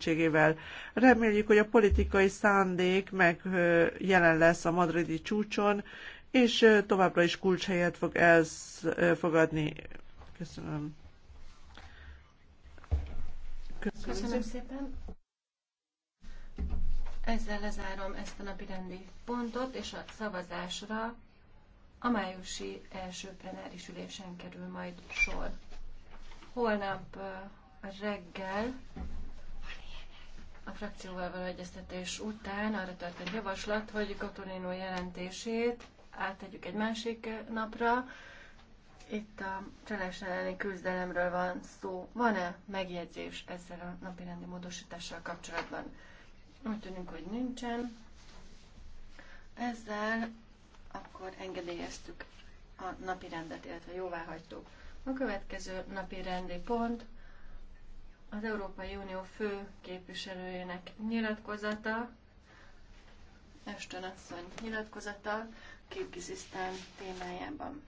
segítségével. Reméljük, hogy a politikai szándék meg jelen lesz a madridi csúcson, és továbbra is kulcshelyet fog elfogadni. Köszönöm. Köszönöm, Köszönöm szépen. Ezzel lezárom ezt a napi rendi pontot, és a szavazásra a májusi első plenáris ülésen kerül majd sor. Holnap reggel frakcióval való egyeztetés után arra történt javaslat, hogy Katonino jelentését áttegyük egy másik napra. Itt a csalás elleni küzdelemről van szó. Van-e megjegyzés ezzel a napirendi módosítással kapcsolatban? Úgy tűnik, hogy nincsen. Ezzel akkor engedélyeztük a napi rendet, illetve jóvá hagytuk. A következő napi rendi pont az Európai Unió fő képviselőjének nyilatkozata, Östön asszony nyilatkozata Kirgizisztán témájában.